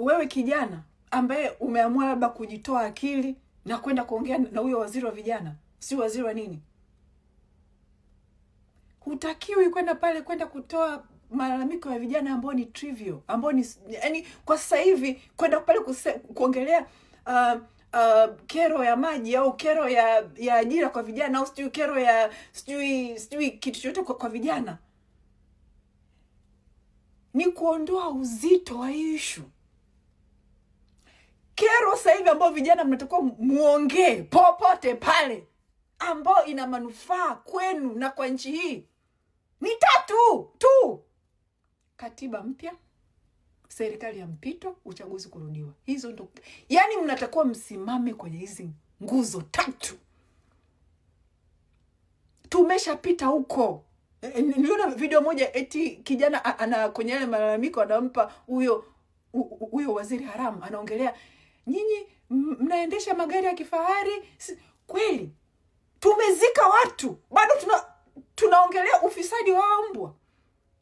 wewe kijana ambaye umeamua labda kujitoa akili na kwenda kuongea na huyo waziri wa vijana, si waziri wa nini, hutakiwi kwenda pale kwenda kutoa malalamiko ya vijana ambao ni trivial, ambao ni yani, kwa sasa hivi kwenda pale kuse, kuongelea uh, uh, kero ya maji au kero ya ya ajira kwa vijana au sijui kero ya sijui sijui kitu chochote kwa, kwa vijana ni kuondoa uzito wa ishu kero sasa hivi ambayo vijana mnatakiwa muongee popote pale, ambayo ina manufaa kwenu na kwa nchi hii ni tatu tu: katiba mpya, serikali ya mpito, uchaguzi kurudiwa. Hizo ndo yani, mnatakiwa msimame kwenye hizi nguzo tatu. Tumeshapita huko. Eh, eh, niliona video moja eti kijana ana kwenye yale malalamiko, anampa huyo huyo waziri haramu, anaongelea nyinyi mnaendesha magari ya kifahari kweli. Tumezika watu bado tuna, tunaongelea ufisadi wa mbwa.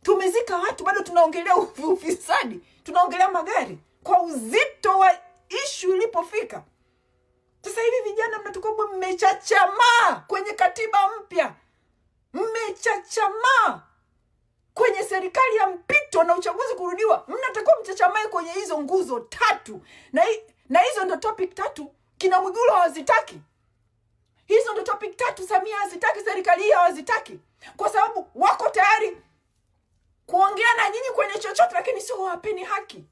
Tumezika watu bado tunaongelea ufisadi, tunaongelea magari kwa uzito wa ishu ilipofika. Sasa hivi vijana mnatukoba, mmechachamaa kwenye katiba mpya, mmechachamaa kwenye serikali ya mpito na uchaguzi kurudiwa. Mnatakiwa mchachamae kwenye hizo nguzo tatu na hii na hizo ndo topic tatu kina Mwigulu hawazitaki. Hizo ndo topic tatu Samia hazitaki, serikali hii hawazitaki, kwa sababu wako tayari kuongea na nyinyi kwenye chochote, lakini sio wapeni haki.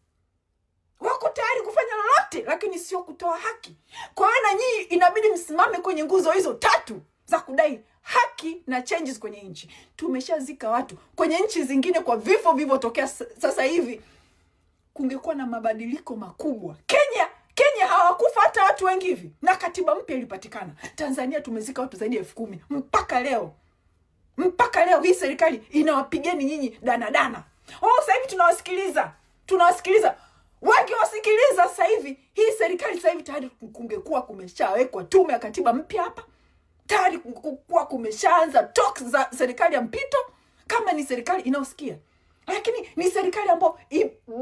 Wako tayari kufanya lolote, lakini sio kutoa haki. Kwa hiyo na nyinyi inabidi msimame kwenye nguzo hizo tatu za kudai haki na changes kwenye nchi. Tumeshazika watu kwenye nchi zingine kwa vifo vilivyotokea sasa hivi. Kungekuwa na mabadiliko makubwa Kenya wengi hivi, na katiba mpya ilipatikana Tanzania. Tumezika watu zaidi ya elfu kumi mpaka leo, mpaka leo hii serikali inawapigeni nyinyi danadana. Oh, sasa hivi tunawasikiliza, tunawasikiliza wasikiliza sasa hivi hii serikali. Sasa hivi tayari kungekuwa kumeshawekwa tume ya katiba mpya hapa tayari, kungekuwa kumeshaanza talks za serikali ya mpito, kama ni serikali inaosikia lakini ni serikali ambayo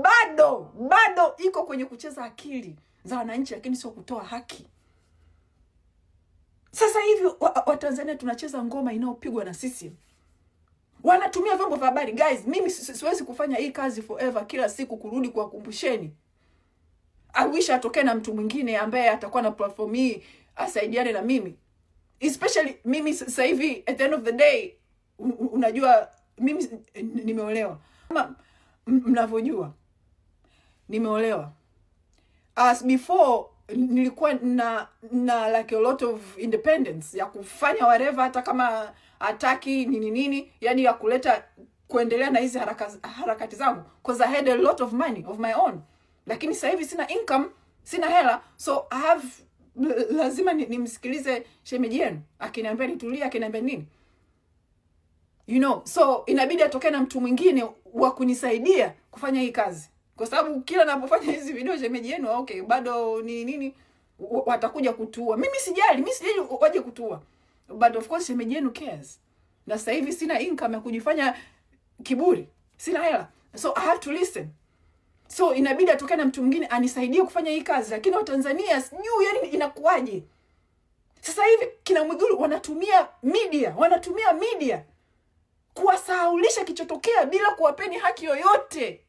bado bado iko kwenye kucheza akili za wananchi, lakini sio kutoa haki. Sasa hivi Watanzania wa tunacheza ngoma inayopigwa na sisi, wanatumia vyombo vya habari. Guys, mimi siwezi kufanya hii kazi forever, kila siku kurudi kuwakumbusheni. I wish atokee na mtu mwingine ambaye atakuwa na platform hii asaidiane na mimi, especially mimi sasa hivi at the end of the day, unajua mimi nimeolewa kama mnavyojua, nimeolewa as before nilikuwa na na like a lot of independence ya kufanya whatever, hata kama hataki nini nini, yani ya kuleta kuendelea na hizi harakati zangu because I had a lot of money of my own, lakini sasa hivi sina income, sina hela, so I have lazima nimsikilize ni shemeji yenu akiniambia nitulie, akiniambia nini, you know, so inabidi atokee na mtu mwingine wa kunisaidia kufanya hii kazi kwa sababu kila napofanya hizi video shemeji yenu ah, okay, bado ni nini, watakuja kutua. Mimi sijali, mimi sijali waje kutua, but of course shemeji yenu cares. Na sasa hivi sina income ya kujifanya kiburi, sina hela, so I have to listen so inabidi atokee na mtu mwingine anisaidie kufanya hii kazi, lakini Watanzania sijui yani inakuwaje sasa hivi kina Mwigulu wanatumia media, wanatumia media kuwasahaulisha kichotokea bila kuwapeni haki yoyote.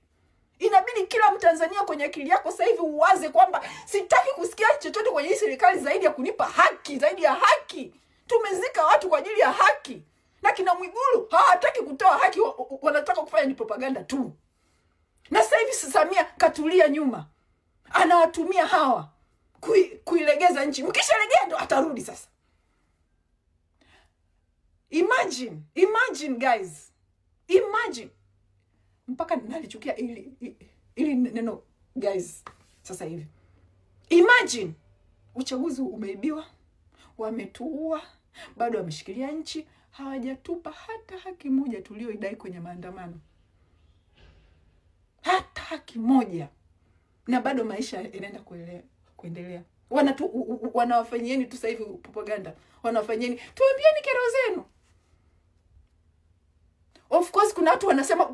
Inabidi kila Mtanzania kwenye akili yako sasa hivi uwaze kwamba sitaki kusikia chochote kwenye hii serikali zaidi ya kunipa haki, zaidi ya haki. Tumezika watu kwa ajili ya haki, na kina Mwigulu hawataki kutoa haki, wanataka kufanya ni propaganda tu. Na sasa hivi Samia katulia nyuma, anawatumia hawa kui, kuilegeza nchi. Mkishalegea ndo atarudi sasa. Imagine, imagine guys, imagine mpaka nalichukia ili, ili, neno guys. Sasa hivi imagine uchaguzi umeibiwa, wametuua, bado wameshikilia nchi, hawajatupa hata haki moja tulioidai kwenye maandamano, hata haki moja, na bado maisha yanaenda kuendelea. Wanawafanyieni tu sasa hivi propaganda, wanawafanyieni tuambieni kero zenu course kuna watu wanasema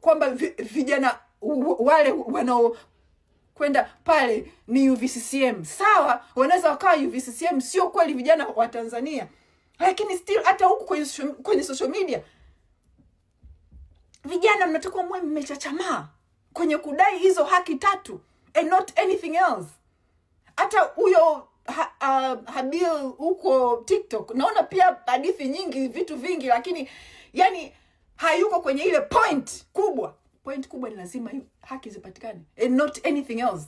kwamba vijana wale wanao kwenda pale ni UVCCM. Sawa, wanaweza wakawa UVCCM, sio kweli vijana wa Tanzania, lakini still hata huku kwenye, kwenye social media vijana mnatakiwa mwe mmechachamaa kwenye kudai hizo haki tatu and not anything else. Hata huyo ha, uh, Habil huko TikTok naona pia hadithi nyingi, vitu vingi, lakini yani hayuko kwenye ile point kubwa. Point kubwa ni lazima haki zipatikane and not anything else.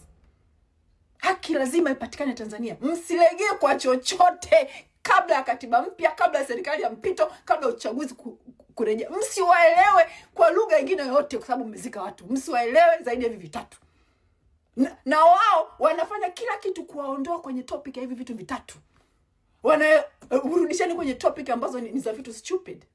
Haki lazima ipatikane Tanzania, msilegee kwa chochote kabla ya katiba mpya, kabla ya serikali ya mpito, kabla ya uchaguzi kurejea. Msiwaelewe kwa lugha ingine yoyote, kwa sababu mmezika watu. Msiwaelewe zaidi ya hivi vitatu, na, na wao wanafanya kila kitu kuwaondoa kwenye topic ya hivi vitu vitatu. Wana uh, eh, kwenye topic ambazo ni, ni za vitu stupid.